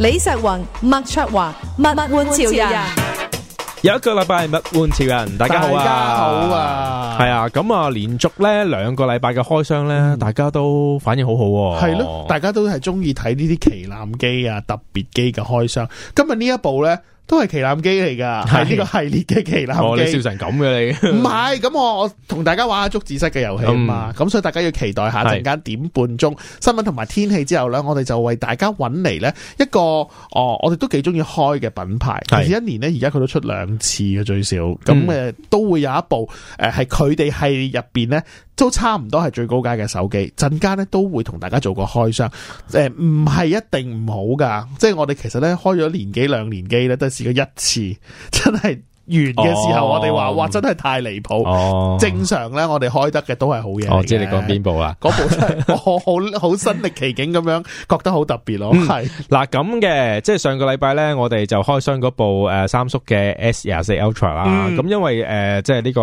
李石雲、麥卓華、物玩潮人，有一個禮拜係物玩潮人，大家好啊，大家好啊，係啊，咁啊，那啊，連續咧兩個禮拜嘅開箱咧、嗯，大家都反應好好。啊，係咯，大家都係中意睇呢啲旗艦機啊、特別機嘅開箱。今日呢一部咧。都係旗艦機嚟噶，係呢個系列嘅旗艦機、哦。你笑成咁嘅你？唔 係，咁我我同大家玩下捉字蝨嘅遊戲啊嘛。咁、嗯、所以大家要期待下陣間點半鐘新聞同埋天氣之後咧，我哋就為大家搵嚟咧一個哦，我哋都幾中意開嘅品牌。而一年咧而家佢都出兩次嘅最少。咁、嗯、誒都會有一部誒、呃、係佢哋系列入邊咧。都差唔多係最高階嘅手機，陣間咧都會同大家做個開箱，誒唔係一定唔好噶，即係我哋其實咧開咗年幾兩年機咧都係試過一次，真係。完嘅時候我，我哋話哇，真係太離譜。正常咧，我哋開得嘅都係好嘢。我知你講邊部啦？嗰部真係我好好身歷其境咁樣，覺得好特別咯。係嗱咁嘅，即係上個禮拜咧，我哋就開箱嗰部誒、呃、三叔嘅 S 廿四 Ultra 啦。咁、嗯、因為誒、呃，即係呢個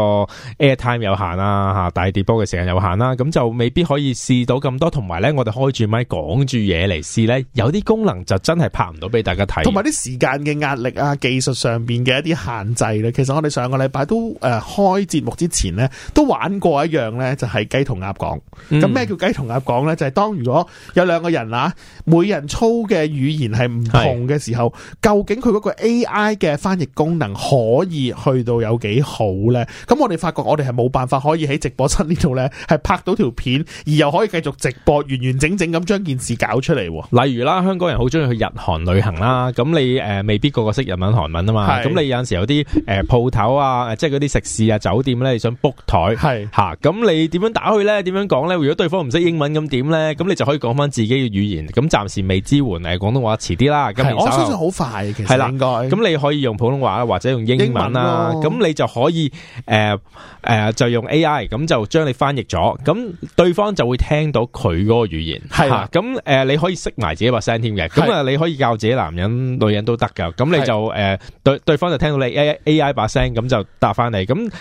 Air Time 有限啦吓，大碟波嘅時間有限啦，咁就未必可以試到咁多。同埋咧，我哋開住咪講住嘢嚟試咧，有啲功能就真係拍唔到俾大家睇，同埋啲時間嘅壓力啊，技術上面嘅一啲限制。其實我哋上個禮拜都誒開節目之前呢，都玩過一樣呢，就係雞同鴨講。咁、嗯、咩叫雞同鴨講呢？就係、是、當如果有兩個人啊，每人操嘅語言係唔同嘅時候，究竟佢嗰個 AI 嘅翻譯功能可以去到有幾好呢？咁我哋發覺我哋係冇辦法可以喺直播室呢度呢，係拍到條片而又可以繼續直播完完整整咁將件事搞出嚟。例如啦，香港人好中意去日韓旅行啦，咁你、呃、未必個個識日文韓文啊嘛，咁你有陣時有啲，誒、呃，鋪頭啊，即係嗰啲食肆啊，酒店咧，你想 book 台係吓，咁、啊、你點樣打去咧？點樣講咧？如果對方唔識英文咁點咧？咁你就可以講翻自己嘅語言，咁暫時未支援誒，廣、呃、東話，遲啲啦。係，我相信好快，其實，應該咁你可以用普通話或者用英文啦、啊，咁你就可以誒誒、呃呃，就用 A I，咁就將你翻譯咗，咁對方就會聽到佢嗰個語言，係啦。咁誒、啊呃，你可以識埋自己把聲添嘅，咁啊，你可以教自己男人女人都得㗎。咁你就誒、呃，對對方就聽到你 A.I 把聲咁就答翻你，咁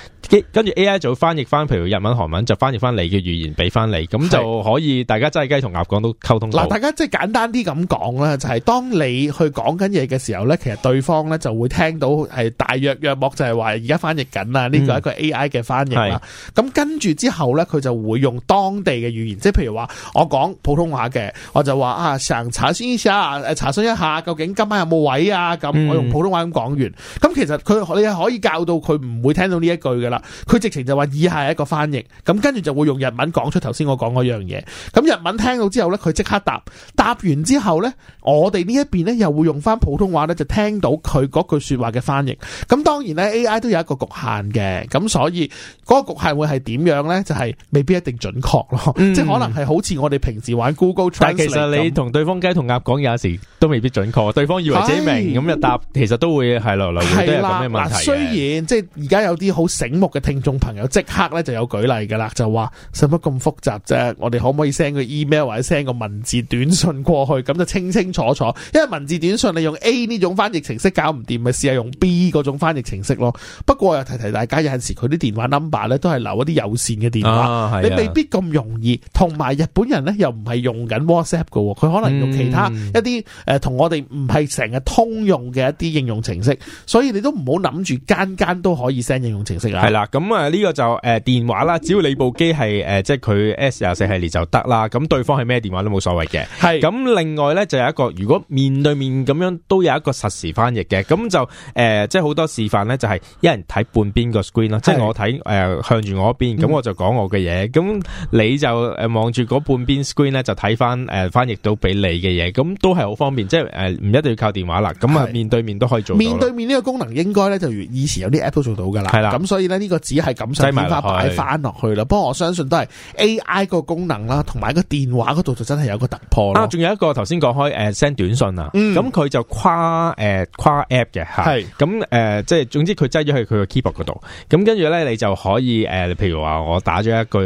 跟住 A.I 就會翻譯翻，譬如日文、韓文，就翻譯翻你嘅語言俾翻你，咁就可以大家真係雞同鴨講都溝通到。嗱，大家即係簡單啲咁講啦，就係、是、當你去講緊嘢嘅時候呢，其實對方呢就會聽到係大約約莫就係話而家翻譯緊啦，呢、這個係一個 A.I 嘅翻譯啦。咁跟住之後呢，佢就會用當地嘅語言，即係譬如話我講普通話嘅，我就話啊，查詢一下，查詢一下究竟今晚有冇位啊？咁我用普通話咁講完，咁、嗯、其實佢你可以教到佢唔會聽到呢一句㗎啦。佢直情就話以下係一個翻譯，咁跟住就會用日文講出頭先我講嗰樣嘢。咁日文聽到之後呢，佢即刻答，答完之後呢，我哋呢一邊呢，又會用返普通話呢，就聽到佢嗰句說話嘅翻譯。咁當然呢 AI 都有一個局限嘅，咁所以嗰個局限會係點樣呢？就係、是、未必一定準確咯、嗯，即可能係好似我哋平時玩 Google、Translate，但其實你同對方雞同鴨講有時都未必準確，對方以為自己明，咁就答，其實都會係流流都係咁雖然即係而家有啲好醒目嘅聽眾朋友即刻咧就有舉例㗎啦，就話使乜咁複雜啫？我哋可唔可以 send 個 email 或者 send 個文字短信過去，咁就清清楚楚。因為文字短信你用 A 呢種翻譯程式搞唔掂，咪試下用 B 嗰種翻譯程式咯。不過又提提大家，有陣時佢啲電話 number 咧都係留一啲有線嘅電話，啊，你未必咁容易。同埋日本人咧又唔係用緊 WhatsApp 嘅，佢可能用其他一啲同、嗯、我哋唔係成日通用嘅一啲應用程式，所以你都唔好諗。諗住間間都可以 send 應用程式啦，係啦，咁啊呢個就誒、呃、電話啦，只要你部機係誒即係佢 S 廿四系列就得啦，咁對方係咩電話都冇所謂嘅，係，咁另外咧就有一個如果面對面咁樣都有一個實時翻譯嘅，咁就誒、呃、即係好多示範咧，就係、是、一人睇半邊個 screen 咯，即係我睇誒、呃、向住我一邊，咁我就講我嘅嘢，咁、嗯、你就誒望住嗰半邊 screen 咧就睇、呃、翻誒翻譯到俾你嘅嘢，咁都係好方便，即係誒唔一定要靠電話啦，咁啊面對面都可以做，面對面呢個功能應該咧。以前有啲 app 都做到噶啦，係啦，咁所以咧呢、呢個只係咁受變化擺翻落去啦。不過我相信都係 AI 個功能啦，同埋個電話嗰度就真係有個突破啦仲、啊、有一個頭先講開誒 send 短信啊，咁、嗯、佢就跨誒、呃、跨 app 嘅吓，係咁誒即係總之佢擠咗去佢個 keyboard 嗰度，咁跟住咧你就可以誒、呃，譬如話我打咗一句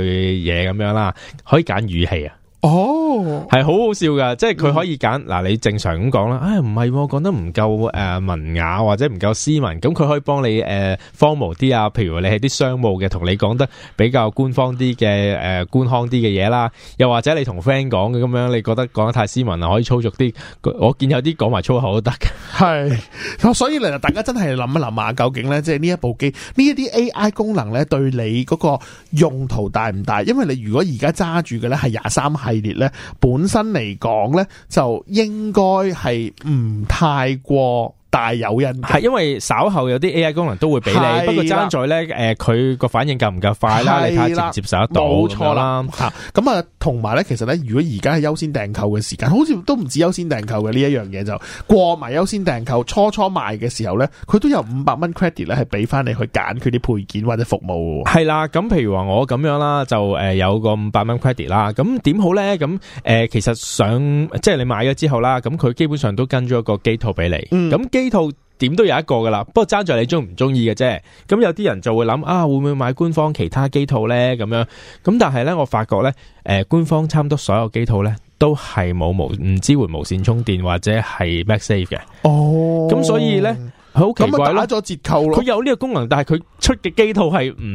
嘢咁樣啦，可以揀語氣啊。哦，係好好笑噶，即係佢可以揀嗱、嗯，你正常咁講啦，唉、哎，唔係講得唔夠誒文雅或者唔夠斯文，咁佢可以幫你誒、呃、formal 啲啊，譬如你係啲商務嘅，同你講得比較官方啲嘅誒官腔啲嘅嘢啦，又或者你同 friend 講嘅咁樣，你覺得講得太斯文啊，可以粗俗啲，我見有啲講埋粗口都得。係，所以其實大家真係諗一諗下 究竟咧，即係呢一部機呢一啲 A I 功能咧，對你嗰個用途大唔大？因為你如果而家揸住嘅咧係廿三係。系列咧，本身嚟講咧，就應該係唔太過。大有因嘅，係因為稍後有啲 A.I. 功能都會俾你，不過爭在咧，誒佢個反應夠唔夠快啦？你睇下接唔接受得到冇錯啦吓。咁啊，同埋咧，其實咧，如果而家係優先訂購嘅時間，好似都唔止優先訂購嘅呢一樣嘢就過埋優先訂購。初初賣嘅時候咧，佢都有五百蚊 credit 咧，係俾翻你去揀佢啲配件或者服務的的。係啦，咁譬如話我咁樣啦，就誒有個五百蚊 credit 啦，咁點好咧？咁誒、呃，其實想即係你買咗之後啦，咁佢基本上都跟咗一個機套俾你，咁、嗯。機套點都有一個噶啦，不過爭在你中唔中意嘅啫。咁有啲人就會諗啊，會唔會買官方其他機套呢？咁樣咁，但係呢，我發覺呢，誒、呃，官方差唔多所有機套呢，都係冇無唔支援無線充電或者係 MagSafe 嘅。哦，咁所以呢，好奇怪打咗折扣咯，佢有呢個功能，但係佢。出嘅機套係唔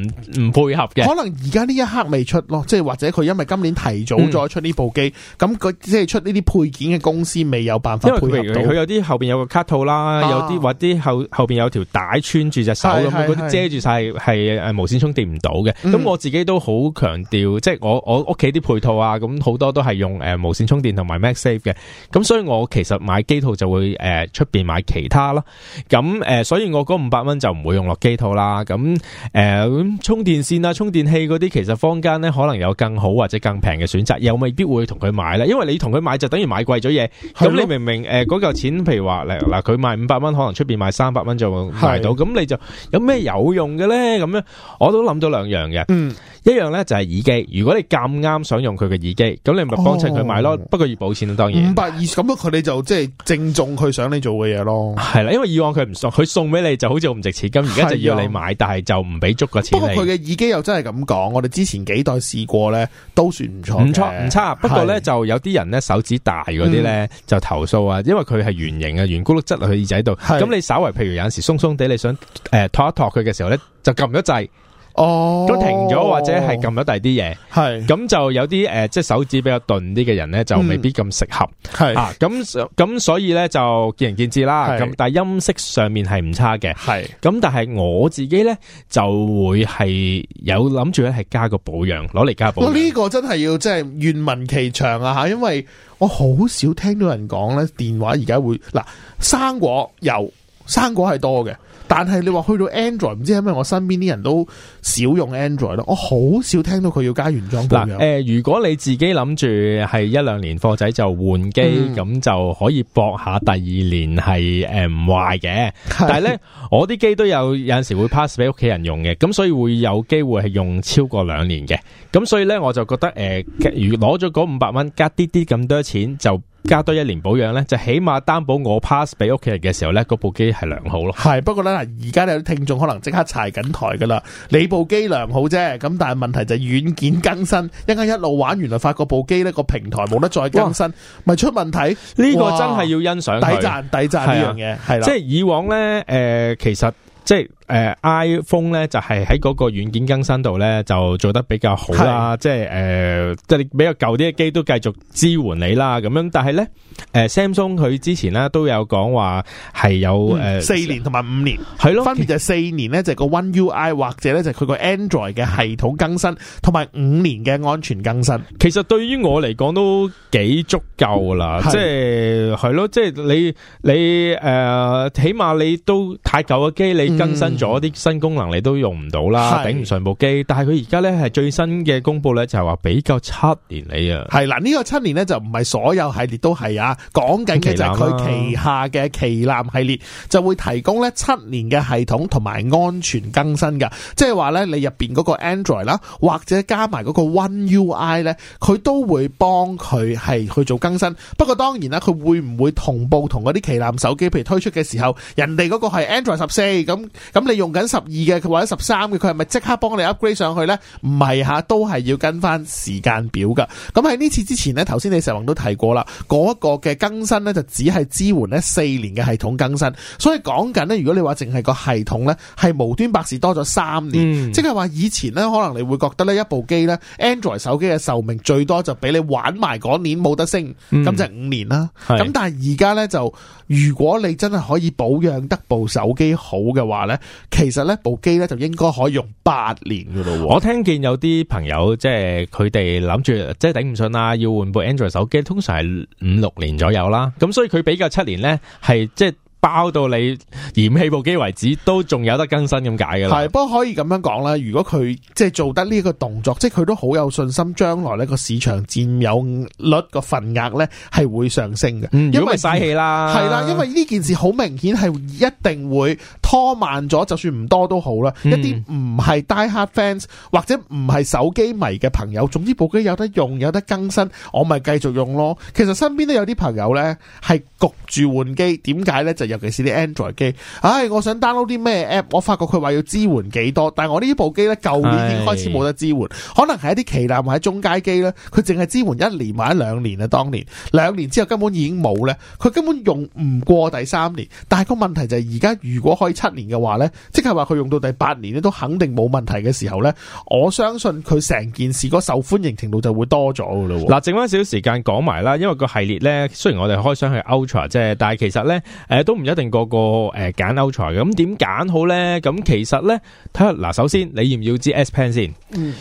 唔配合嘅，可能而家呢一刻未出咯，即係或者佢因為今年提早咗出呢部機，咁、嗯、佢即係出呢啲配件嘅公司未有辦法配合到，佢有啲後面有個卡套啦，啊、有啲或啲後面有條帶穿住隻手咁，嗰、啊、啲遮住晒係無線充電唔到嘅。咁、嗯、我自己都好強調，即、就、係、是、我我屋企啲配套啊，咁好多都係用無線充電同埋 MagSafe 嘅。咁所以我其實買機套就會誒出面買其他咯。咁所以我嗰五百蚊就唔會用落機套啦。咁咁、嗯、誒，咁、呃、充電線啊、充電器嗰啲，其實坊間咧可能有更好或者更平嘅選擇，又未必會同佢買啦。因為你同佢買就等於買貴咗嘢。咁你明唔明誒嗰嚿錢，譬如話嗱嗱，佢賣五百蚊，可能出邊賣三百蚊就賣到。咁你就有咩有用嘅咧？咁樣我都諗到兩樣嘅。嗯。一樣咧就係、是、耳機，如果你咁啱想用佢嘅耳機，咁你咪幫襯佢買咯、哦。不過要保險啦，當然。五百二十咁樣佢哋就即係、就是、正中佢想你做嘅嘢咯。係啦，因為以往佢唔送，佢送俾你就好似唔值錢，而家就要你買，但係就唔俾足個錢。不過佢嘅耳機又真係咁講，我哋之前幾代試過咧，都算唔錯，唔錯唔差。不過咧就有啲人咧手指大嗰啲咧就投訴啊，因為佢係圓形啊，圓咕碌質落去耳仔度，咁你稍為譬如有陣時鬆鬆地，你想誒托、呃、一托佢嘅時候咧，就撳咗掣。哦，咁停咗或者係撳咗大啲嘢，係咁就有啲誒，即、呃、係手指比較鈍啲嘅人咧，就未必咁適合，係、嗯、啊，咁咁所以咧就見仁見智啦。咁但係音色上面係唔差嘅，係咁但係我自己咧就會係有諗住咧係加個保養，攞嚟加保養。呢個真係要即係願聞其詳啊吓，因為我好少聽到人講咧，電話而家會嗱生果有，生果係多嘅。但係你話去到 Android 唔知係咪我身邊啲人都少用 Android 咯？我好少聽到佢要加原裝。嗱，誒、呃，如果你自己諗住係一兩年貨仔就換機，咁、嗯、就可以博下第二年係誒唔壞嘅。但係咧，我啲機都有有陣時會 pass 俾屋企人用嘅，咁所以會有機會係用超過兩年嘅。咁所以咧，我就覺得誒、呃，如攞咗嗰五百蚊加啲啲咁多錢就。加多一年保養呢，就起碼擔保我 pass 俾屋企人嘅時候呢，嗰部機係良好咯。係不過呢，而家有啲聽眾可能即刻柴緊台噶啦。你部機良好啫，咁但係問題就係軟件更新，一陣間一路玩，完，原來發覺部機呢個平台冇得再更新，咪出問題。呢、這個真係要欣賞抵讚抵讚呢樣嘢，係即係以往呢，誒、呃、其實。即係誒、呃、，iPhone 咧就係喺嗰個軟件更新度咧就做得比較好啦，啊。即係誒，即、呃、係、就是、比較舊啲嘅機都繼續支援你啦。咁樣，但係咧，誒、呃、，Samsung 佢之前咧都有講話係有誒四、嗯呃、年同埋五年係咯，分別就係四年咧就是、個 One UI 或者咧就係佢個 Android 嘅系統更新同埋五年嘅安全更新。其實對於我嚟講都幾足夠啦，即係係咯，即、就、係、是、你你誒、呃，起碼你都太舊嘅機你、嗯。更新咗啲新功能，你都用唔到啦，頂唔順部機。但係佢而家咧，係最新嘅公布咧，就係話比較七年你啊。係啦，呢個七年咧就唔係所有系列都係啊，講緊嘅就係佢旗下嘅旗艦系列就會提供咧七年嘅系統同埋安全更新噶，即係話咧，你入邊嗰個 Android 啦，或者加埋嗰個 One UI 咧，佢都會幫佢係去做更新。不過當然啦，佢會唔會同步同嗰啲旗艦手機，譬如推出嘅時候，人哋嗰個係 Android 十四咁。咁你用緊十二嘅佢或者十三嘅佢係咪即刻幫你 upgrade 上去呢？唔係吓，都係要跟翻時間表噶。咁喺呢次之前呢，頭先你石宏都提過啦，嗰一個嘅更新呢，就只係支援呢四年嘅系統更新。所以講緊呢，如果你話淨係個系統呢，係無端百事多咗三年，即係話以前呢，可能你會覺得呢一部機呢 Android 手機嘅壽命最多就俾你玩埋嗰年冇得升，咁、嗯、就五年啦。咁但係而家呢，就如果你真係可以保養得部手機好嘅話，話咧，其實咧部機咧就應該可以用八年噶咯。我聽見有啲朋友即係佢哋諗住，即係頂唔順啦，要換部 Android 手機，通常係五六年左右啦。咁所以佢比較七年咧，係即係。包到你嫌棄部機為止，都仲有得更新咁解嘅啦。係不過可以咁樣講啦，如果佢即係做得呢個動作，即係佢都好有信心，將來呢個市場佔有率個份額呢係會上升嘅、嗯。因為嘥氣啦，係啦，因為呢件事好明顯係一定會拖慢咗，就算唔多都好啦、嗯。一啲唔係 Die Hard fans 或者唔係手機迷嘅朋友，總之部機有得用有得更新，我咪繼續用咯。其實身邊都有啲朋友呢係焗住換機，點解呢？就有？尤其是啲 Android 機，唉、哎，我想 download 啲咩 app，我發覺佢話要支援幾多，但係我呢部機咧，舊年已經開始冇得支援，可能係一啲旗艦或者中階機咧，佢淨係支援一年或者兩年啊。當年兩年之後根本已經冇咧，佢根本用唔過第三年。但係個問題就係，而家如果可以七年嘅話咧，即係話佢用到第八年咧，都肯定冇問題嘅時候咧，我相信佢成件事個受歡迎程度就會多咗噶咯。嗱，剩翻少少時間講埋啦，因為個系列咧，雖然我哋開箱去 Ultra 啫，但係其實咧，誒、呃、都。唔一定個個誒揀 Ultra，咁點揀好咧？咁其實咧，睇下嗱，首先你要唔要支 S Pen 先？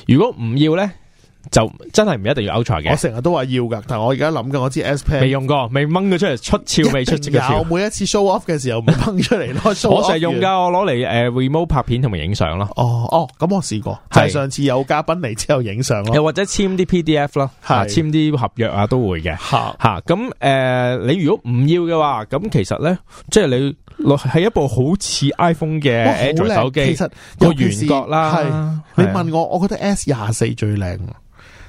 如果唔要咧。就真係唔一定要 out 材嘅，我成日都話要噶，但係我而家諗嘅，我支 S Pen 未用過，未掹佢出嚟出鞘未出。我每一次 show off 嘅時候，唔掹出嚟咯。 我成日用噶，我攞嚟誒 remote 拍片同埋影相咯。哦哦，咁、哦、我試過，就是、上次有嘉賓嚟之後影相咯，又或者簽啲 PDF 啦，簽啲合約啊都會嘅。吓吓咁誒，你如果唔要嘅話，咁其實咧，即係你係一部好似 iPhone 嘅台手機、哦，其實個圓角啦。係、啊啊、你問我，我覺得 S 廿四最靚。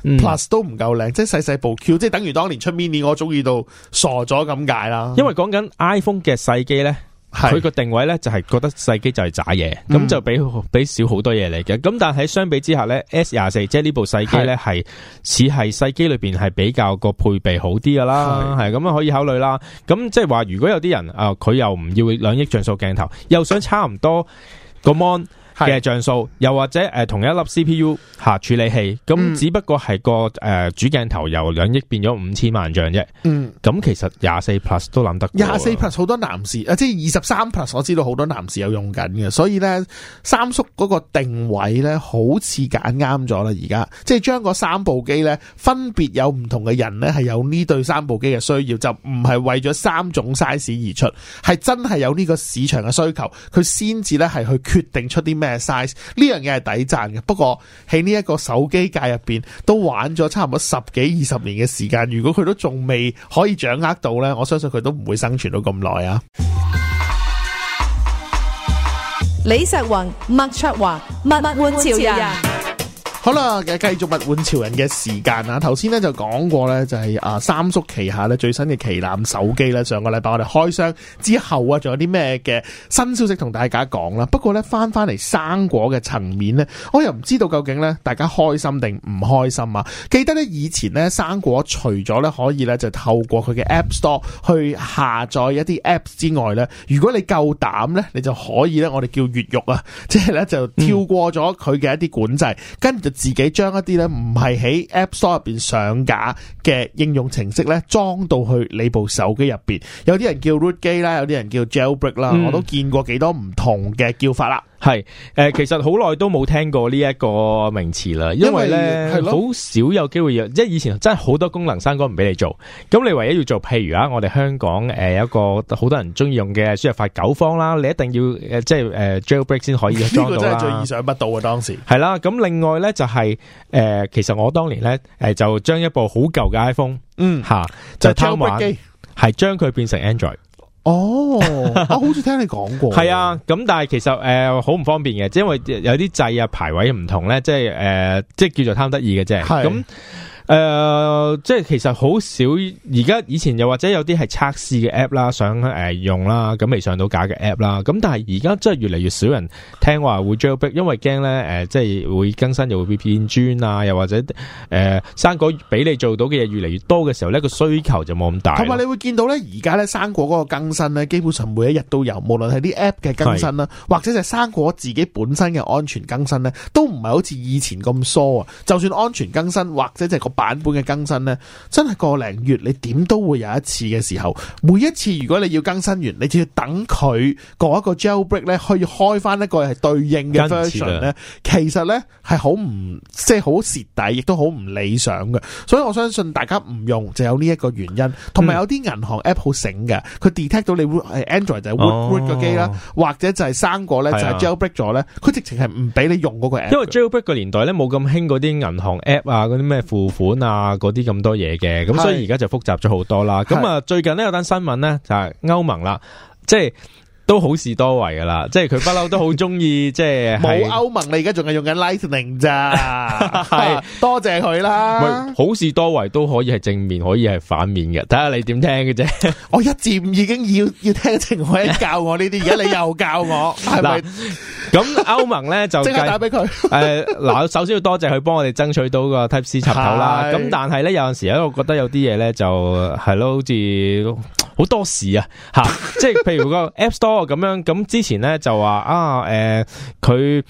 嗯、Plus 都唔夠靚，即係細細部 Q，即係等於當年出 mini，我中意到傻咗咁解啦。因為講緊 iPhone 嘅細機呢，佢個定位呢就係、是、覺得細機就係渣嘢，咁、嗯、就比比少好多嘢嚟嘅。咁但係相比之下呢 S 廿四即係呢部細機呢，係似係細機裏邊係比較個配備好啲噶啦，係咁樣可以考慮啦。咁即係話如果有啲人啊，佢、呃、又唔要兩億像素鏡頭，又想差唔多個 mon。嘅像素，又或者誒、呃，同一粒 CPU 吓處理器，咁只不過係個誒、呃、主鏡頭由兩億變咗五千萬像啫。嗯，咁其實廿四 Plus 都諗得廿四 Plus 好多男士啊，即係二十三 Plus 我知道好多男士有用緊嘅，所以咧三叔嗰個定位咧，好似揀啱咗啦而家，即係將個三部機咧分別有唔同嘅人咧係有呢對三部機嘅需要，就唔係為咗三種 size 而出，係真係有呢個市場嘅需求，佢先至咧係去決定出啲咩。size 呢樣嘢係抵讚嘅，不過喺呢一個手機界入邊都玩咗差唔多十幾二十年嘅時間，如果佢都仲未可以掌握到呢，我相信佢都唔會生存到咁耐啊！李石雲、麥卓華、物玩潮人。好啦，繼續物玩潮人嘅時間啦。頭先咧就講過咧，就係、就是、啊三叔旗下咧最新嘅旗艦手機咧，上個禮拜我哋開箱之後啊，仲有啲咩嘅新消息同大家講啦。不過咧翻翻嚟生果嘅層面咧，我又唔知道究竟咧大家開心定唔開心啊。記得咧以前咧生果除咗咧可以咧就透過佢嘅 App Store 去下載一啲 Apps 之外咧，如果你夠膽咧，你就可以咧我哋叫越獄啊，即係咧就跳過咗佢嘅一啲管制，跟、嗯、住。自己將一啲咧唔係喺 App Store 入邊上架嘅應用程式咧裝到去你部手機入邊，有啲人叫 root 機啦，有啲人叫 Jailbreak 啦、嗯，我都見過幾多唔同嘅叫法啦。係誒，其實好耐都冇聽過呢一個名詞啦，因為咧好少有機會有，即係以前真係好多功能生果唔俾你做，咁你唯一要做，譬如啊，我哋香港誒有一個好多人中意用嘅輸入法九方啦，你一定要誒即係誒 jailbreak 先可以裝到啦。呢個真係最意想不到啊！當時係啦，咁另外咧就係誒，其實我當年咧誒就將一部好舊嘅 iPhone，嗯吓，就偷玩，係將佢變成 Android。哦，我、 哦、好似聽你講過，係啊，咁但係其實誒好唔方便嘅，即係因為有啲掣啊排位唔同咧，即係誒、呃、即係叫做貪得意嘅啫，咁。嗯誒、呃，即係其實好少，而家以前又或者有啲係測試嘅 app 啦，想誒、呃、用啦，咁未上到假嘅 app 啦，咁但係而家真係越嚟越少人聽話會 jailbreak，因為驚咧，誒，即係會更新又會變磚啊，又或者誒、呃，生果俾你做到嘅嘢越嚟越多嘅時候呢，個需求就冇咁大。同埋你會見到咧，而家咧生果嗰個更新咧，基本上每一日都有，無論係啲 app 嘅更新啦，或者就係生果自己本身嘅安全更新咧，都唔係好似以前咁疏啊。就算安全更新或者就、那個。版本嘅更新咧，真係個零月你點都會有一次嘅時候。每一次如果你要更新完，你就要等佢過一個 Jailbreak 咧，可以開翻一個係對應嘅 version 咧。其實咧係好唔即係好蝕底，亦都好唔理想嘅。所以我相信大家唔用就有呢一個原因。同埋有啲銀行 app 好醒嘅，佢 detect 到你 Android 就係 root 個機啦，或者就係生果咧就係、是、Jailbreak 咗咧，佢、啊、直情係唔俾你用嗰個 app。因為 Jailbreak 個年代咧冇咁興嗰啲銀行 app 啊，嗰啲咩付款。本啊，嗰啲咁多嘢嘅，咁所以而家就複雜咗好多啦。咁啊，最近呢，有單新聞咧就係歐盟啦，即係。都好事多圍噶 啦，即係佢不嬲都好中意，即係冇歐盟，你而家仲係用緊 Lightning 咋？係多謝佢啦。好事多圍都可以係正面，可以係反面嘅，睇下你點聽嘅啫。我一字已經要要聽陳海教我呢啲，而 家你又教我係咪？咁 歐盟咧就即 刻打俾佢。誒 嗱、呃，首先要多謝佢幫我哋爭取到個 Type、C、插頭啦。咁但係咧有陣時咧，我覺得有啲嘢咧就係咯，好似。好多事啊，吓、啊 啊呃，即係譬如個 App Store 咁樣，咁之前咧就話啊，誒，佢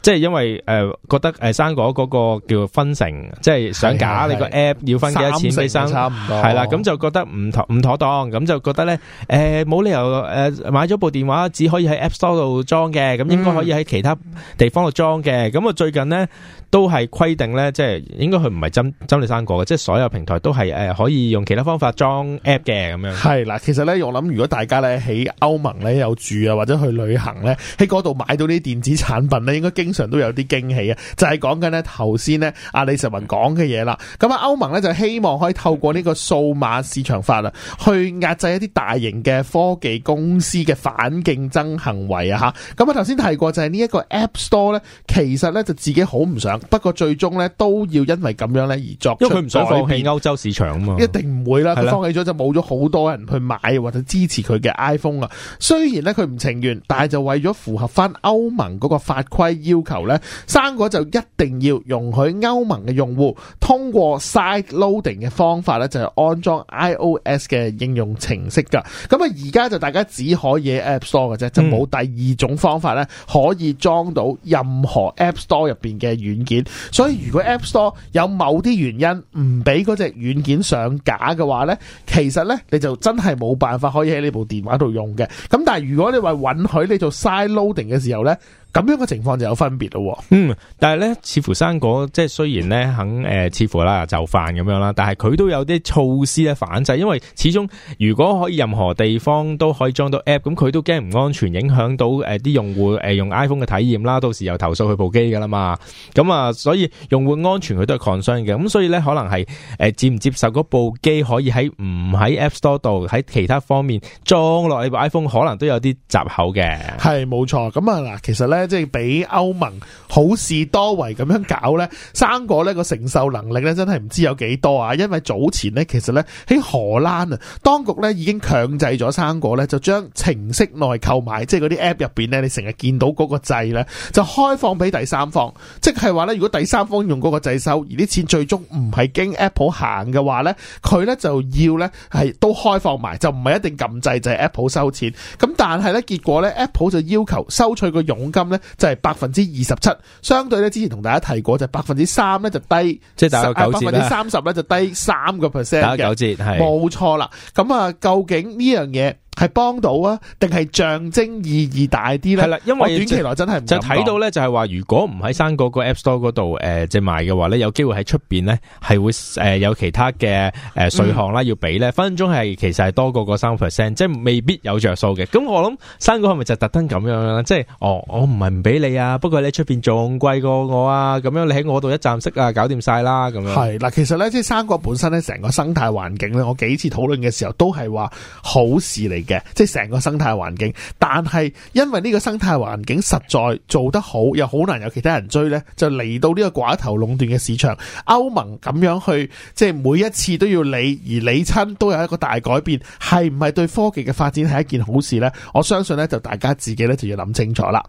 即係因為誒、呃、覺得誒、呃，生果嗰個叫分成，即係想假你個 App 是是是要分幾多錢俾生果差唔多，係啦，咁就覺得唔妥唔妥當，咁就覺得咧，誒、呃，冇理由誒、呃、買咗部電話只可以喺 App Store 度裝嘅，咁應該可以喺其他地方度裝嘅，咁、嗯、啊最近咧都係規定咧，即係應該佢唔係針針你生果嘅，即係所有平台都係誒、呃、可以用其他方法裝 App 嘅，咁樣係啦。嗱，其實咧，我諗如果大家咧喺歐盟咧有住啊，或者去旅行咧，喺嗰度買到啲電子產品咧，應該經常都有啲驚喜啊！就係講緊咧頭先咧，阿李成文講嘅嘢啦。咁啊，歐盟咧就希望可以透過呢個數碼市場法去壓制一啲大型嘅科技公司嘅反競爭行為啊！吓，咁啊頭先提過就係呢一個 App Store 咧，其實咧就自己好唔想，不過最終咧都要因為咁樣咧而作，因為佢唔想放棄歐洲市場啊嘛，一定唔會啦，佢放棄咗就冇咗好多人去。買或者支持佢嘅 iPhone 啊，雖然咧佢唔情願，但係就為咗符合翻歐盟嗰個法規要求咧，生果就一定要容許歐盟嘅用戶通過 side loading 嘅方法咧，就係安裝 iOS 嘅應用程式噶。咁啊，而家就大家只可以 App Store 嘅啫，就冇第二種方法咧可以裝到任何 App Store 入邊嘅軟件。所以如果 App Store 有某啲原因唔俾嗰隻軟件上架嘅話咧，其實咧你就真係。冇辦法可以喺呢部電話度用嘅，咁，但係如果你話允許你做 side loading 嘅時候咧。咁樣嘅情況就有分別咯。嗯，但係咧，似乎生果即係雖然咧肯誒、呃、似乎啦就範咁樣啦，但係佢都有啲措施咧反制，因為始終如果可以任何地方都可以裝到 app，咁佢都驚唔安全影響，影響到誒啲用戶誒、呃、用 iPhone 嘅體驗啦。到時又投訴佢部機噶啦嘛。咁啊，所以用戶安全佢都係 concern 嘅。咁所以咧，可能係誒、呃、接唔接受嗰部機可以喺唔喺 App Store 度喺其他方面裝落你部 iPhone，可能都有啲閘口嘅。係冇錯。咁啊嗱，其實咧。即係俾歐盟好事多為，咁樣搞呢，生果呢個承受能力呢真係唔知有幾多啊！因為早前呢，其實呢，喺荷蘭啊，當局呢已經強制咗生果呢，就將程式內購買，即係嗰啲 App 入邊呢，你成日見到嗰個掣呢，就開放俾第三方，即係話呢，如果第三方用嗰個掣收，而啲錢最終唔係經 Apple 行嘅話呢，佢呢就要呢，係都開放埋，就唔係一定撳掣就係 Apple 收錢。咁但係呢，結果呢，Apple 就要求收取個佣金。就係百分之二十七，相對咧之前同大家提過就百分之三咧就低，即係打個九折，百分之三十咧就低三個 percent，打個九折係冇錯啦。咁啊，究竟呢樣嘢，係幫到啊？定係象徵意義大啲咧？係啦，因為短期內真係唔就睇到咧，就係話如果唔喺生果個 App Store 嗰度誒即係賣嘅話咧，有機會喺出邊咧係會誒、呃、有其他嘅誒稅項啦要俾咧、嗯，分分鐘係其實係多過個三 percent，即係未必有着數嘅。咁我諗生果係咪就特登咁樣啦？即、就、係、是、哦，我唔係唔俾你啊，不過你喺出邊仲貴過我啊，咁樣你喺我度一站式啊，搞掂曬啦咁樣。係嗱，其實咧即係生果本身咧成個生態環境咧，我幾次討論嘅時候都係話好事嚟。嘅，即係成個生態環境，但係因為呢個生態環境實在做得好，又好難有其他人追呢，就嚟到呢個寡頭壟斷嘅市場。歐盟咁樣去，即係每一次都要理，而理親都有一個大改變，係唔係對科技嘅發展係一件好事呢？我相信呢，就大家自己呢就要諗清楚啦。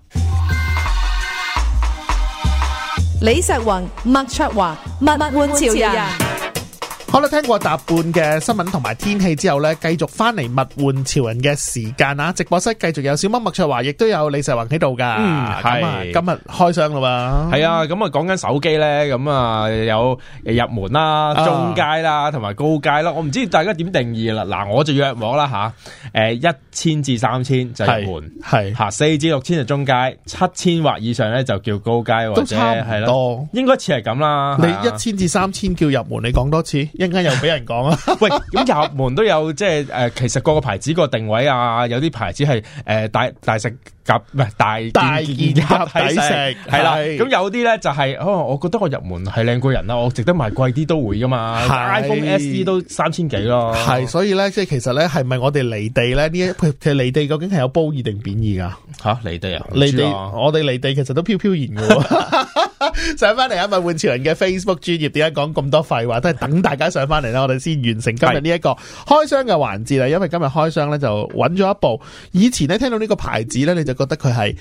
李石宏、麥卓華、物玩潮人。好啦，聽過搭半嘅新聞同埋天氣之後咧，繼續翻嚟物玩潮人嘅時間啊！直播室繼續有小麥麥卓華，亦都有李石華喺度噶。係、嗯啊、今日開箱啦嘛。係啊，咁啊講緊手機咧，咁啊有誒入門啦、中階啦，同埋高階啦。啊、我唔知大家點定義啦。嗱、啊，我就約我啦吓。誒、啊，一千至三千就入門，係吓四至六千就中階，七千或以上咧就叫高階或者係咯。應該似係咁啦。你一千至三千叫入門，你講多次。一陣間又俾人講啊！喂，咁入門都有即係誒，其實各個牌子個定位啊，有啲牌子係誒、呃、大大食夾，唔係大大件夾抵食係啦。咁有啲咧就係、是，哦，我覺得我入門係靚過人啦，我值得賣貴啲都會噶嘛。iPhone SE 都三千幾咯，係所以咧，即係其實咧，係咪我哋離地咧？呢一其實離地究竟係有褒義定貶義噶？吓離地啊，離地，我哋離、啊、地，地其實都飄飄然嘅。 上翻嚟物玩潮人嘅 Facebook 專頁，點解講咁多廢話，都係等大家。上翻嚟啦，我哋先完成今日呢一個開箱嘅環節啦。因為今日開箱呢，就揾咗一部，以前呢，聽到呢個牌子呢，你就覺得佢係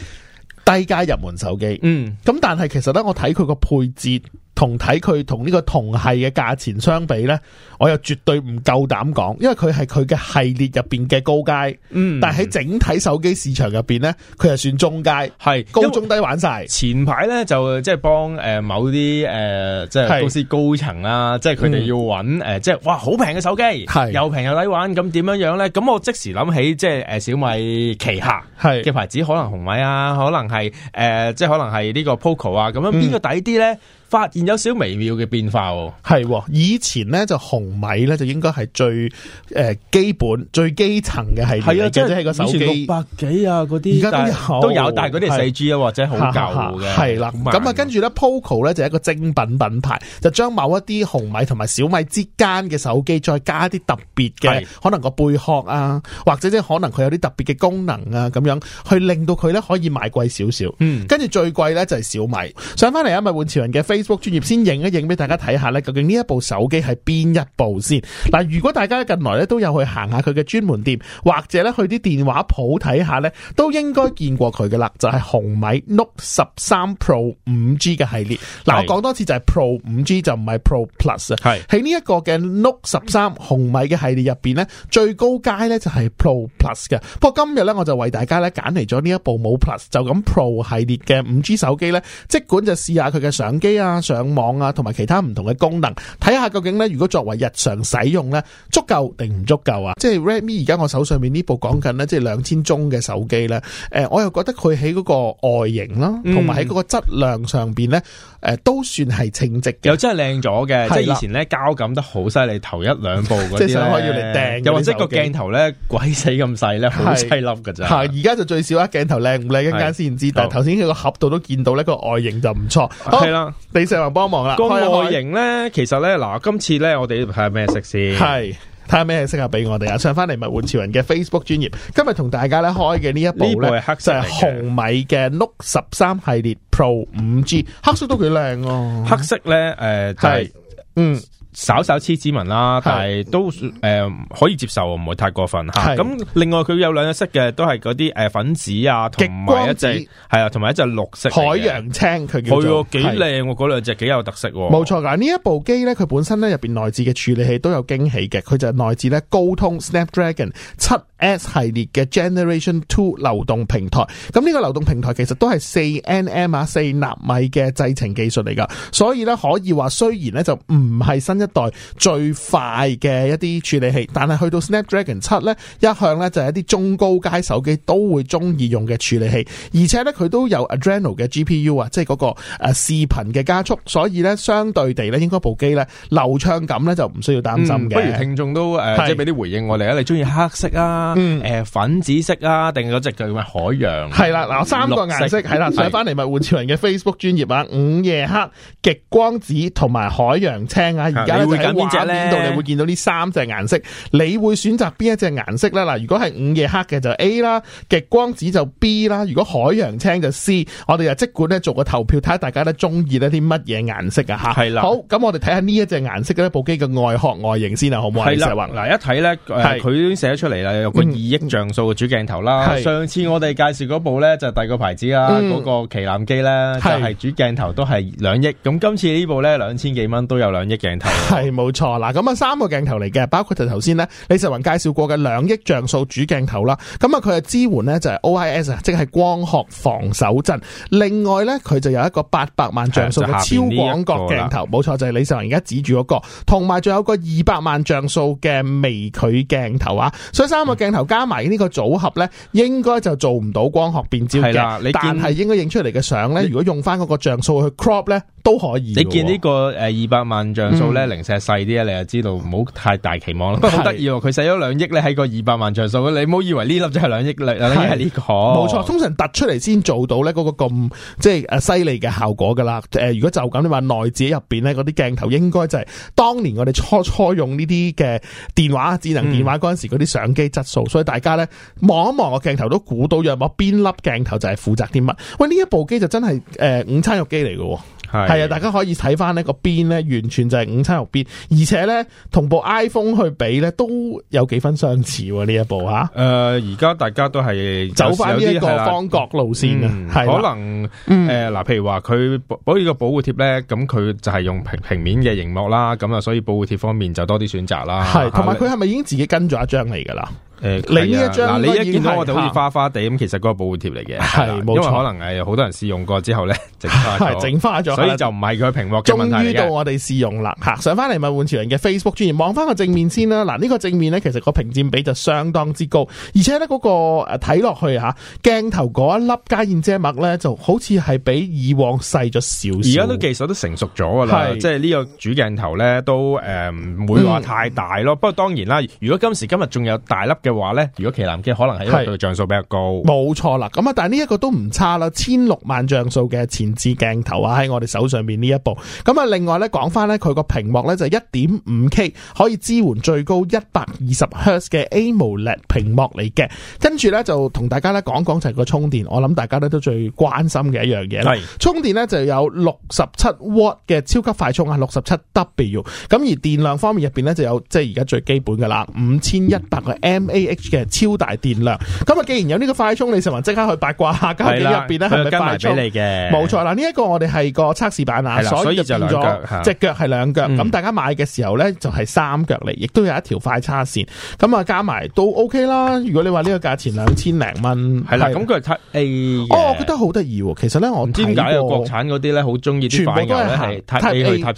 低階入門手機。嗯，咁但係其實呢，我睇佢個配置。同睇佢同呢個同系嘅價錢相比咧，我又絕對唔夠膽講，因為佢係佢嘅系列入邊嘅高階，嗯，但係喺整體手機市場入邊咧，佢係算中階，係高中低玩晒。前排咧就即係幫誒某啲誒即係公司高層啊，即係佢哋要揾誒即係哇好平嘅手機，係又平又抵玩，咁點樣樣咧？咁我即時諗起即係誒小米旗下係嘅牌子，可能紅米啊，可能係誒即係可能係呢個 Poco 啊，咁樣邊個抵啲咧？發現有少微妙嘅變化、哦，係、啊、以前咧就紅米咧就應該係最誒、呃、基本最基層嘅系列啊，即係個手機六百幾啊嗰啲而家都有，都有，但係嗰啲係四 G 啊，係 4G，係啊或者好舊嘅係啦。咁啊，啊，啊，啊，跟住咧 Poco 咧就係、一個精品品牌，就將某一啲紅米同埋小米之間嘅手機再加啲特別嘅、啊，可能個背殼啊，或者即係可能佢有啲特別嘅功能啊，咁樣去令到佢咧可以賣貴少少。嗯，跟住最貴咧就係、係、小米。上翻嚟啊，咪換潮人嘅 b o o 專業先影一影俾大家睇下咧，究竟呢一部手機係邊一部先？嗱，如果大家近來咧都有去行下佢嘅專門店，或者咧去啲電話鋪睇下咧，都應該見過佢嘅啦。就係、是、紅米 Note 十三 Pro 五 G 嘅系列。嗱，我講多次就係 Pro 五 G 就唔係 Pro Plus 啊。係喺呢一個嘅 Note 十三紅米嘅系列入邊咧，最高階咧就係 Pro Plus 嘅。不過今日咧，我就為大家咧揀嚟咗呢一部冇 Plus 就咁 Pro 系列嘅五 G 手機咧，即管就試下佢嘅相機啊。上網啊，同埋其他唔同嘅功能，睇下究竟呢。如果作為日常使用呢，足夠定唔足夠啊？即係 Redmi 而家我手上面呢部講緊呢，即係兩千中嘅手機呢。誒，我又覺得佢喺嗰個外形啦，同埋喺嗰個質量上邊呢。誒，都算係稱職嘅，又真係靚咗嘅，即係以前咧膠感得好犀利，頭一兩部嗰啲咧， 即想要嚟掟，又或者個鏡頭咧鬼死咁細咧，好細粒嘅咋吓，而家就最少啊，鏡頭靚唔靚一間先知。但係頭先佢個盒度都見到咧，個外形就唔錯。係啦，畀世宏幫忙啦。那個外,外形咧，其實咧嗱，今次咧我哋睇下咩色先。係。睇下咩適合俾我哋啊！上翻嚟物玩潮人嘅 Facebook 專頁，今日同大家咧開嘅呢一部咧，部黑係、就是、紅米嘅 Note 十三系列 Pro 五 G，黑色都幾靚哦。黑色咧，誒、呃，係、就是，嗯。稍稍黐指紋啦，但係都誒、呃、可以接受，唔會太過分吓。咁、嗯、另外佢有兩隻色嘅，都係嗰啲誒粉紫啊，同埋一隻極光紫，係啊，同埋一隻綠色海洋青，佢叫。係幾靚喎！嗰兩隻幾有特色。冇錯，嗱呢一部機咧，佢本身咧入邊內置嘅處理器都有驚喜嘅，佢就係內置咧高通 Snapdragon 七 S 系列嘅 Generation Two 流動平台。咁呢個流動平台其實都係四 nm 啊四納米嘅製程技術嚟噶，所以咧可以話雖然咧就唔係新。一代最快嘅一啲處理器，但係去到 Snapdragon 七咧，一向咧就係一啲中高階手機都會中意用嘅處理器，而且咧佢都有 Adreno 嘅 GPU、那個、啊，即係嗰個誒視頻嘅加速，所以咧相對地咧，應該部機咧流暢感咧就唔需要擔心嘅、嗯。不如聽眾都誒，即係俾啲回應我哋啊，你中意黑色啊，誒、嗯呃、粉紫色啊，定嗰隻叫咩海洋？係啦，嗱，三個顏色係啦，上翻嚟咪換潮人嘅 Facebook 專頁啊，午夜黑、極光紫同埋海洋青啊，而家。你會揀邊隻咧？你會見到呢三隻顏色，你會選擇邊一隻顏色咧？嗱，如果係午夜黑嘅就 A 啦，極光紫就 B 啦，如果海洋青就 C。我哋又即管咧做個投票，睇下大家咧中意呢啲乜嘢顏色啊？吓，係啦。好，咁我哋睇下呢一隻顏色嘅咧，部機嘅外殼外形先啊，好唔好啊？係啦，嗱，一睇咧，佢已經寫出嚟啦，有二億像素嘅主鏡頭啦。上次我哋介紹嗰部咧就係第二個牌子啦，嗰、嗯嗰個旗艦機咧就係主鏡頭都係兩億。咁今次呢部呢部咧兩千幾蚊都有兩億鏡頭。 係冇錯啦，咁啊三個鏡頭嚟嘅，包括就頭先咧李世文介紹過嘅兩億像素主鏡頭啦，咁啊佢嘅支援呢，就係 OIS 啊，即係光學防手震。另外咧佢就有一個八百萬像素嘅超廣角鏡頭，冇錯就係、就是、李世文而家指住嗰、那個，同埋仲有個二百萬像素嘅微距鏡頭啊。所以三個鏡頭加埋呢個組合咧，應該就做唔到光學變焦嘅。但係應該影出嚟嘅相咧，如果用翻嗰個像素去 crop 咧，都可以。你見呢個誒二百萬像素咧？嗯成細啲啊，你就知道唔好太大期望啦。不過好得意喎，佢使咗兩億咧喺個二百萬像素，你唔好以為呢粒就係兩億兩億係呢個。冇錯，通常凸出嚟先做到咧嗰個咁即係誒犀利嘅效果㗎喇。誒、呃，如果就咁你話內置入邊咧嗰啲鏡頭，應該就係當年我哋初初用呢啲嘅電話智能電話嗰陣時嗰啲相機質素、嗯，所以大家咧望一望個鏡頭都估到約莫邊粒鏡頭就係負責啲乜。喂，呢一部機就真係誒、呃、午餐肉機嚟嘅。係，啊！大家可以睇翻呢個邊咧，邊邊，完全就係五七六邊，而且咧同部 iPhone 去比咧，都有幾分相似喎、啊。呢一部吓，誒、啊，而、呃、家大家都係走翻呢個方角路線嘅、啊嗯啊，可能誒嗱，譬、嗯呃、如話佢保，所以個保護貼咧，咁佢就係用平平面嘅熒幕啦，咁啊，所以保護貼方面就多啲選擇啦。係，同埋佢係咪已經自己跟咗一張嚟噶啦？誒、欸，你呢一張，你一見到我就好似花花地咁，其實嗰個保護貼嚟嘅，係，因為可能係好多人試用過之後咧，整花咗，整花咗，所以就唔係佢屏幕嘅問題。終於到我哋試用啦，吓，上翻嚟咪物玩潮人嘅 Facebook 專頁，望翻、個正面先啦。嗱，呢個正面咧，其實個屏佔比就相當之高，而且咧嗰個誒睇落去吓，鏡頭嗰一粒加燕遮物咧，就好似係比以往細咗少少。而家都技術都成熟咗噶啦，即係呢個主鏡頭咧都誒唔會話太大咯、嗯。不過當然啦，如果今時今日仲有大粒嘅。話咧，如果旗艦機可能係一對像素比較高，冇錯啦。咁啊，但係呢一個都唔差啦，千六萬像素嘅前置鏡頭啊，喺我哋手上邊呢一部。咁啊，另外咧講翻咧，佢個屏幕咧就一點五 K，可以支援最高一百二十赫茲嘅 AMOLED 屏幕嚟嘅。跟住咧就同大家咧講講就係個充電，我諗大家咧都最關心嘅一樣嘢咧。充電咧就有六十七 W 嘅超級快充啊，六十七 W。咁而電量方面入邊咧就有即係而家最基本嘅啦，五千一百個 mAh H 嘅超大電量，咁啊，既然有呢個快充，你實還即刻去八卦下，加啲入邊咧係咪快充你嘅？冇錯啦，呢一個我哋係個測試版啊，所以變咗隻腳係兩腳，咁大家買嘅時候咧就係三腳嚟，亦都有一條快叉線，咁啊加埋都 OK 啦。如果你話呢個價錢兩千零蚊，係啦，咁佢係 Type A，哦，我覺得好得意。其實咧，我點解個國產嗰啲咧好中意？全部都係 Type A，但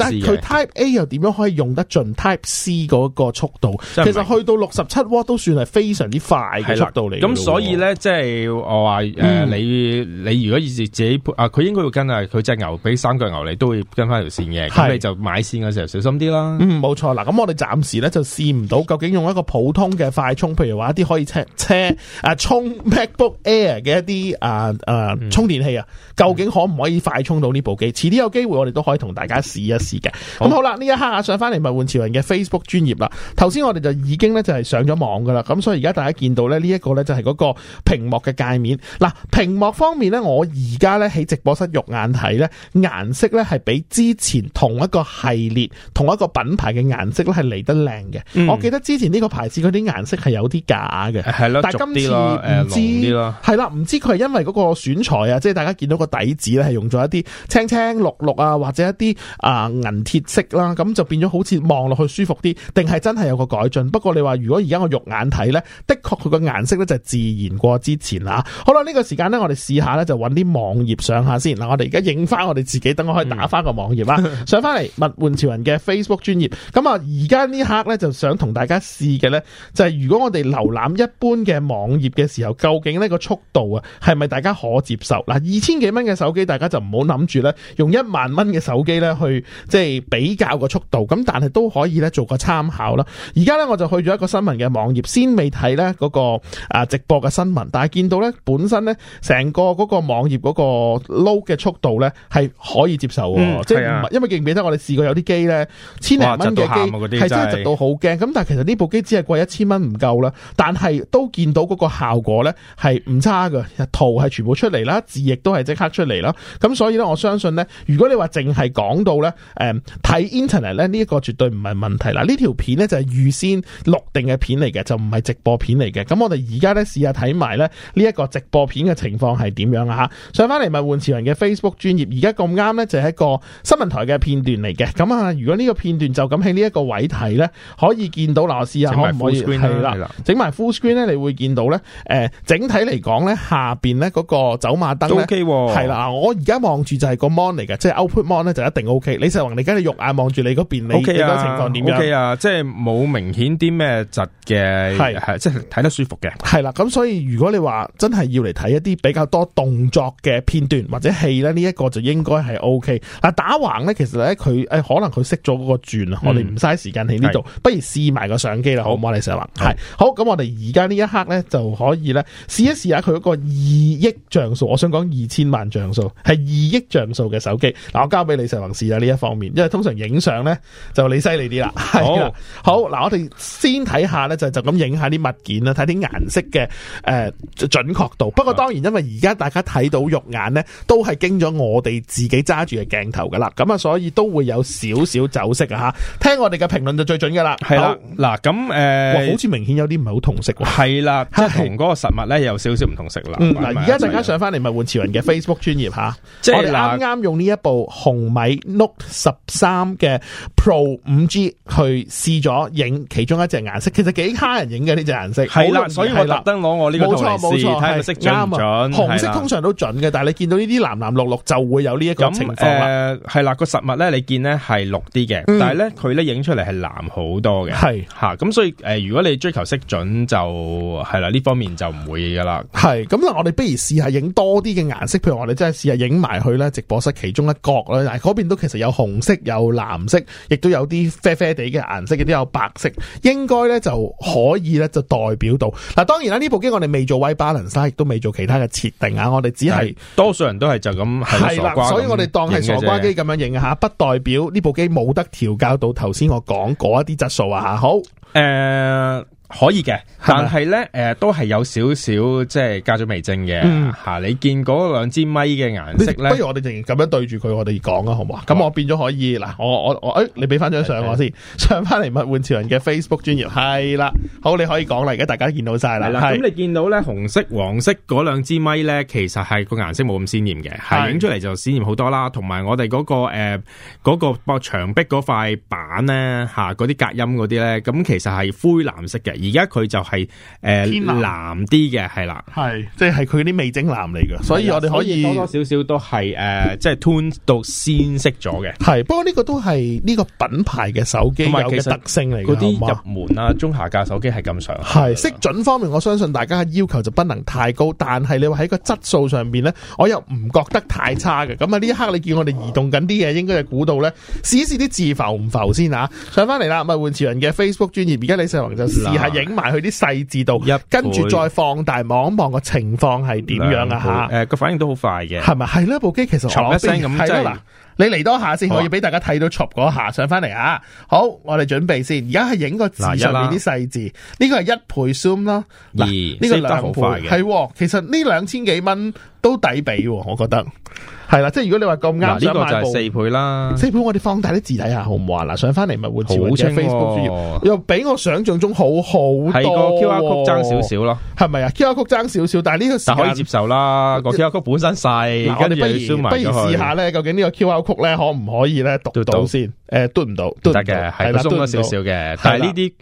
係佢 Type A 又點樣可以用得盡 Type C 嗰個速度？其實去到六十七瓦都算係。非常之快嘅速度嚟，咁所以咧，嗯、即係我話誒、呃，你你如果以自己，啊，佢應該會跟啊，佢隻牛俾三腳牛你都會跟翻條線嘅，咁你就買線嘅時候小心啲啦。嗯，冇錯啦，咁我哋暫時咧就試唔到究竟用一個普通嘅快充，譬如話一啲可以車車啊充 MacBook Air 嘅一啲啊啊充電器啊，究竟可唔可以快充到呢部機？遲、嗯、啲有機會我哋都可以同大家試一試嘅。咁、嗯、好啦，呢一刻上翻嚟咪物玩潮人嘅 Facebook 專頁啦。頭先我哋就已經咧就係上咗網噶啦。咁所以而家大家見到咧，呢一個呢，就係嗰個屏幕嘅界面。嗱，屏幕方面呢，我而家呢喺直播室肉眼睇呢，顏色呢係比之前同一個系列、同一個品牌嘅顏色呢係嚟得靚嘅、嗯。我記得之前呢個牌子嗰啲顏色係有啲假嘅、嗯，但係今次唔知係啦，唔知、嗯、佢係因為嗰個選材啊，即係大家見到個底子呢係用咗一啲青青綠綠啊，或者一啲啊銀鐵色啦，咁就變咗好似望落去舒服啲，定係真係有個改進？不過你話如果而家我肉眼睇，呢，的確佢個顏色咧就自然過之前啦。好啦，呢個時間呢，我哋試下呢，就揾啲網頁上下先嗱。我哋而家影翻我哋自己，等我可以打翻個網頁啦、嗯、上翻嚟物玩潮人嘅 Facebook 專頁咁啊。而家呢刻呢，就想同大家試嘅呢，就係如果我哋瀏覽一般嘅網頁嘅時候，究竟呢個速度啊係咪大家可接受嗱？二千幾蚊嘅手機，大家就唔好諗住呢，用一萬蚊嘅手機呢，去即係比較個速度咁，但係都可以呢，做個參考啦。而家呢，我就去咗一個新聞嘅網頁先。未睇呢嗰個啊直播嘅新聞，但係見到呢本身呢成個嗰個網頁嗰個 load 嘅速度呢係可以接受、嗯，即係唔、啊、因為記唔記得我哋試過有啲機呢千零蚊嘅機係真係直到好驚，咁但係其實呢部機只係貴一千蚊唔夠啦，但係都見到嗰個效果呢係唔差㗎。圖係全部出嚟啦，字亦都係即刻出嚟啦，咁所以呢，我相信呢，如果你話淨係講到呢誒睇 internet 呢，呢一個絕對唔係問題，嗱呢條片呢就係預先錄定嘅片嚟嘅，就唔係。直播片嚟嘅，咁我哋而家咧試下睇埋咧呢一個直播片嘅情況係點樣啊吓！上翻嚟咪換慈人嘅 Facebook 專頁，而家咁啱咧就係一個新聞台嘅片段嚟嘅。咁啊，如果呢個片段就咁喺呢一個位睇咧，可以見到嗱，試下可唔可以啦？整埋 full screen 咧，你會見到咧，誒、呃，整體嚟講咧，下邊咧嗰個走馬燈 ok 係啦。我而家望住就係個 mon 嚟嘅，即係 open mon 咧就一定 ok。李世宏，你而家你肉眼望住你嗰邊，你嗰個、okay 啊、情況點？ok 啊，即係冇明顯啲咩窒嘅。係，即係睇得舒服嘅。係啦，咁所以如果你話真係要嚟睇一啲比較多動作嘅片段或者戲咧，呢一個就應該係 OK。嗱打橫咧，其實咧佢誒可能佢識咗嗰個轉、嗯、我哋唔嘥時間喺呢度，不如試埋個相機啦，好唔好啊？李石宏，係好，咁我哋而家呢一刻咧就可以咧試一試下佢嗰個二億像素，我想講二千萬像素係二億像素嘅手機。嗱，我交俾李石宏試下呢一方面，因為通常影相咧就你犀利啲啦。好，好嗱，我哋先睇下咧就就咁影。睇啲物件啦，睇啲顏色嘅誒準確度。不過當然，因為而家大家睇到肉眼呢，都係經咗我哋自己揸住嘅鏡頭噶啦。咁啊，所以都會有少少走色啊，吓。聽我哋嘅評論就最準噶啦。係啦，嗱咁誒，好似明顯有啲唔係好同色。係啦，即係同嗰個實物呢有少少唔同色啦。嗱，而家陣間上翻嚟咪換潮人嘅 Facebook 專頁，吓，即係我哋啱啱用呢一部紅米 Note 十三嘅。Pro 5G 去試咗影其中一隻顏色，其實幾蝦人影嘅呢隻顏色。係啦，所以我特登攞我呢個嚟試，睇佢色準唔準，啊。紅色通常都準嘅，但係你見到呢啲藍藍綠綠就會有呢一個情況、呃、啦。咁誒係啦，個實物咧你見咧係綠啲嘅，嗯，但係咧佢咧影出嚟係藍好多嘅。係吓咁所以誒、呃、如果你追求色準就係啦呢方面就唔會噶啦。係咁我哋不如試下影多啲嘅顏色，譬如我哋真係試下影埋去咧直播室其中一角啦，嗱嗰邊都其實有紅色有藍色。亦都有啲啡啡地嘅顏色，亦都有白色，應該咧就可以咧就代表到嗱。當然啦，呢部機我哋未做 white balance，亦都未做其他嘅設定啊。我哋只係多數人都係就咁係傻瓜，所以我哋當係傻瓜機咁樣影吓，不代表呢部機冇得調校到頭先我講嗰一啲質素啊。好，誒、uh...。可以嘅，但係咧，誒、呃，都係有少少即係加咗味精嘅吓。你見嗰兩支咪嘅顏色咧，不如我哋仍然咁樣對住佢、哦，我哋講啊，好唔好？咁我變咗可以嗱，我我我，誒、哎，你俾翻張相我先，上翻嚟物玩潮人嘅 Facebook 專頁係啦，好，你可以講啦，而家大家見到晒啦，咁你見到咧紅色、黃色嗰兩支咪咧，其實係個顏色冇咁鮮艷嘅，係影出嚟就鮮艷好多啦。同埋我哋嗰、那個誒嗰、呃那個博牆壁嗰塊板咧吓，嗰、啊、啲隔音嗰啲咧，咁其實係灰藍色嘅。而家佢就係、是、誒、呃、藍啲嘅，係啦，係，即係佢啲未整藍嚟嘅，所以我哋可以，以多多少少都係誒，即、呃、係、就是、tune 到鮮色咗嘅。係，不過呢個都係呢個品牌嘅手機嘅特性嚟嘅，嗰啲入門啊，中下價手機係咁上。係，色準方面，我相信大家嘅要求就不能太高，但係你話喺個質素上面咧，我又唔覺得太差嘅。咁、嗯、啊，呢一刻你見我哋移動緊啲嘢，應該係估到咧，試一試啲字浮唔浮先嚇、啊。上翻嚟啦，物玩潮人嘅 Facebook 專頁，而家李世就試。影埋佢啲細緻度，跟住再放大望一望個情況係點樣啊？吓，個、呃、反應都好快嘅，係咪？係啦，部機其實坐一邊係啦。你嚟多下先，可以俾、啊、大家睇到 t 嗰下，上翻嚟啊！好，我哋準備先，而家係影個字上面啲細字，呢、這個係一倍 zoom 咯。呢、這個兩倍係、哦，其實呢兩千幾蚊都抵俾、哦，我覺得係啦。即係如果你話咁啱，呢、啊這個就係四倍啦。四倍我哋放大啲字睇下好唔好啊？嗱，上翻嚟咪會好、喔、Facebook，又比我想象中好好，係個 QR code 爭少少咯，係咪啊？QR code 爭少少，但係呢個但可以接受啦。個 QR code 本身細，家、啊、你、啊、不如不如試下咧，究竟呢個 QR 曲咧可唔可以咧讀到先？誒，讀唔到，唔得嘅，係啦，鬆咗少少嘅。但係呢啲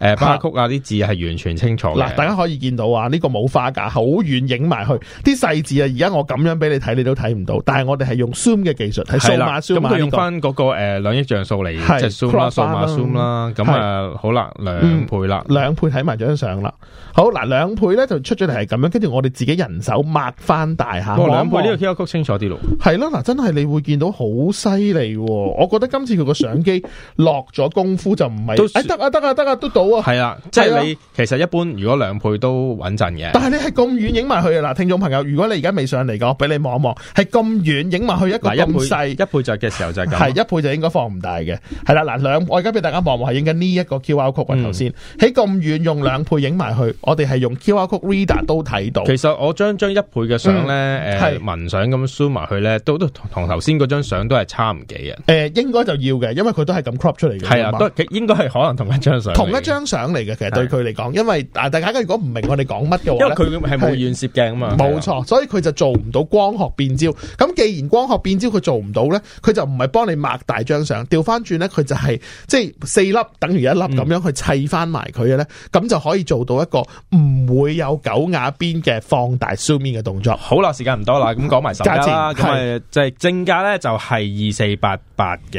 誒拍曲啊啲字係完全清楚嗱，大家可以見到啊，呢、這個冇花架，好遠影埋去，啲細字啊，而家我咁樣俾你睇，你都睇唔到。但係我哋係用 zoom 嘅技術，係數碼 zoom 翻嗰、那個誒、呃、兩億像素嚟，即係 zoom 啦，數碼啦，咁啊、嗯、好、嗯、好啦，兩倍啦，兩倍睇埋張相啦。好嗱，兩倍咧就出咗嚟係咁樣，跟住我哋自己人手抹翻大下。哇、哦，兩倍呢個曲清楚啲咯，係咯嗱，真係你會見到好。好犀利喎！我覺得今次佢個相機落咗功夫就唔係，哎得啊得啊得啊都到啊！係啦、啊啊啊，即係你、啊、其實一般如果兩倍都穩陣嘅，但係你係咁遠影埋去啊！嗱，聽眾朋友，如果你而家未上嚟嘅，我俾你望一望，係咁遠影埋去一個咁細一倍就嘅時候就係咁，係一倍就應該放唔大嘅，係啦嗱，兩我而家俾大家望望，係影緊呢一個 QR code 頭先喺咁遠用兩倍影埋去，我哋係用 QR code reader 都睇到。其實我將將一倍嘅相咧，誒、嗯呃、文相咁 zoom 埋去咧，都都同頭先嗰張相。都係差唔幾啊！誒、呃，應該就要嘅，因為佢都係咁 crop 出嚟嘅。係啊，都係應該係可能同一張相，同一張相嚟嘅。啊、其實對佢嚟講，因為啊，大家如果唔明我哋講乜嘅話，因為佢係冇遠攝鏡啊嘛，冇錯、啊，所以佢就做唔到光學變焦。咁既然光學變焦佢做唔到咧，佢就唔係幫你擘大張相，調翻轉咧，佢就係、是、即係四粒等於一粒咁樣去砌翻埋佢嘅咧，咁、嗯、就可以做到一個唔會有狗牙邊嘅放大 zoom in 嘅動作。好啦，時間唔多啦，咁講埋十咁啊就係、是、正價咧就是。係二四八八嘅，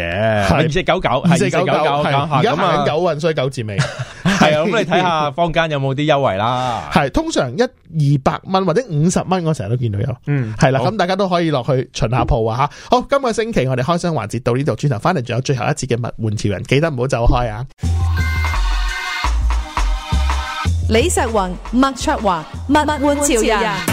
係二四九九，係二九九九。而家響九運，所以九字尾。係啊，咁你睇下坊間有冇啲優惠啦。係通常一二百蚊或者五十蚊，我成日都見到有。嗯，係啦，咁大家都可以落去巡下鋪、嗯、啊吓。好，今個星期我哋開箱環節到呢度，轉頭翻嚟仲有最後一次嘅物玩潮人，記得唔好走開啊！李石云、麥卓華、物玩潮人。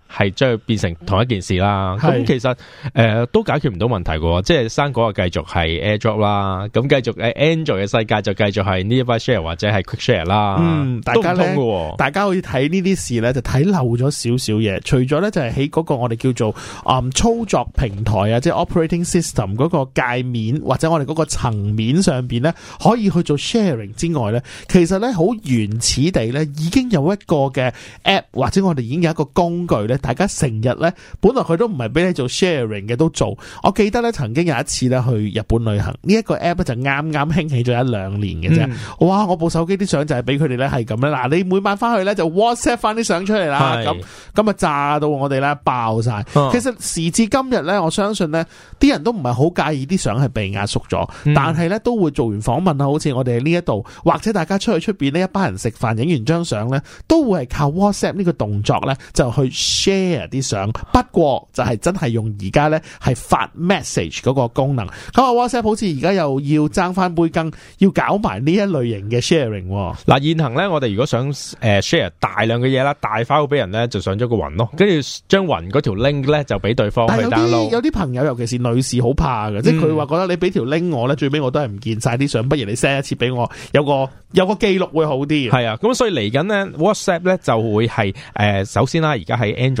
係將佢變成同一件事啦，咁其實誒、呃、都解決唔到問題嘅，即、就、係、是、生果啊繼續係 AirDrop 啦，咁繼續誒 Android 嘅世界就繼續係 Nearby Share 或者係 QuickShare 啦。嗯，大家咧、哦，大家可以睇呢啲事咧，就睇漏咗少少嘢。除咗咧，就係喺嗰個我哋叫做啊、嗯、操作平台啊，即係 Operating System 嗰個界面或者我哋嗰個層面上邊咧，可以去做 sharing 之外咧，其實咧好原始地咧，已經有一個嘅 App 或者我哋已經有一個工具咧。大家成日呢，本來佢都唔係俾你做 sharing 嘅，都做。我記得呢曾經有一次呢去日本旅行，呢、這、一個 app 就啱啱興起咗一兩年嘅啫、嗯。哇！我部手機啲相就係俾佢哋呢係咁樣。嗱，你每晚翻去呢就 WhatsApp 翻啲相出嚟啦。咁咁啊炸到我哋呢爆晒、啊。其實時至今日呢，我相信呢啲人都唔係好介意啲相係被壓縮咗、嗯，但係呢都會做完訪問。好似我哋呢一度，或者大家出去出面呢一班人食飯，影完張相呢都會係靠 WhatsApp 呢個動作呢就去 share。share 啲相，不過就係真係用而家咧，係發 message 嗰個功能。咁啊，WhatsApp 好似而家又要爭翻杯羹，要搞埋呢一類型嘅 sharing。嗱，現行咧，我哋如果想誒 share 大量嘅嘢啦，大 file 俾人咧就上咗個雲咯，跟住將雲嗰條 link 咧就俾對方去 download。有啲朋友尤其是女士好怕嘅，即係佢話覺得你俾條 link 我咧，最尾我都係唔見晒啲相，不如你 send 一次俾我有，有個有個記錄會好啲。係啊，咁所以嚟緊呢 WhatsApp 咧就會係誒，首先啦，而家喺 Android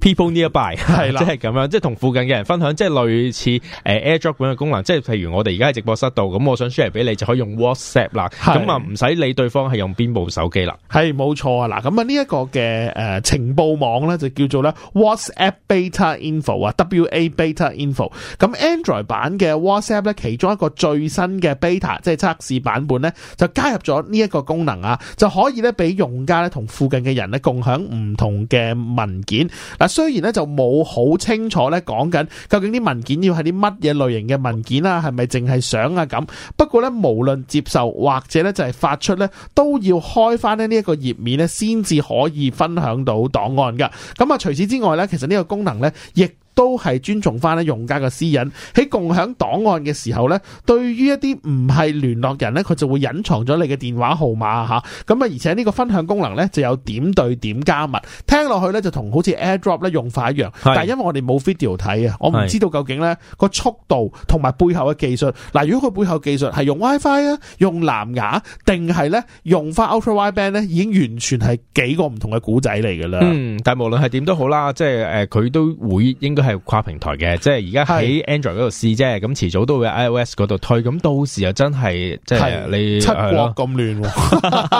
People nearby，係啦即係咁樣，即係同附近嘅人分享，即係類似誒 AirDrop 咁嘅功能。即係譬如我哋而家喺直播室度，咁我想 share 俾你，就可以用 WhatsApp 啦。咁啊，唔使理對方係用邊部手機啦。係冇錯啊！嗱，咁啊呢一個嘅誒情報網咧，就叫做咧 WhatsApp Beta Info 啊，WA Beta Info。咁 Android 版嘅 WhatsApp 咧，其中一個最新嘅 beta，即係測試版本咧，就加入咗呢一個功能啊，就可以咧俾用家咧同附近嘅人咧共享唔同嘅文件雖然咧就冇好清楚咧講緊究竟啲文件要係啲乜嘢類型嘅文件啦，係咪淨係相啊咁？不過咧無論接受或者咧就係發出咧，都要開翻呢一個頁面咧，先至可以分享到檔案噶。咁啊除此之外咧，其實呢個功能咧亦。都係尊重翻咧用家嘅私隱，喺共享檔案嘅時候咧，對於一啲唔係聯絡人咧，佢就會隱藏咗你嘅電話號碼吓，咁啊，而且呢個分享功能咧，就有點對點加密。聽落去咧，就同好似 AirDrop 咧用法一樣，但係因為我哋冇 video 睇啊，我唔知道究竟咧個速度同埋背後嘅技術，嗱，如果佢背後技術係用 WiFi 啊，用藍牙定係咧用翻 Ultra Wideband 咧，已經完全係幾個唔同嘅古仔嚟㗎啦。嗯，但係無論係點都好啦，即係誒佢都會應該。都係跨平台嘅，即係而家喺 Android 嗰度試啫，咁遲早都會在 iOS 嗰度推，咁到時又真係即係你出國咁亂，係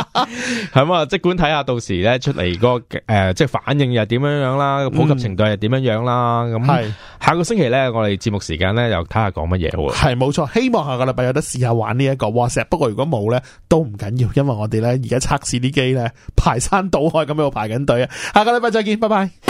啊！即 管睇下，到時咧出嚟個誒，即係反應又點樣樣啦，普及程度又點樣樣啦，咁、嗯、係。下個星期咧，我哋節目時間咧又睇下講乜嘢喎。係冇錯，希望下個禮拜有得試下玩呢一個。哇塞！不過如果冇咧，都唔緊要，因為我哋咧而家測試啲機咧排山倒海咁樣排緊隊啊！下個禮拜再見，拜拜。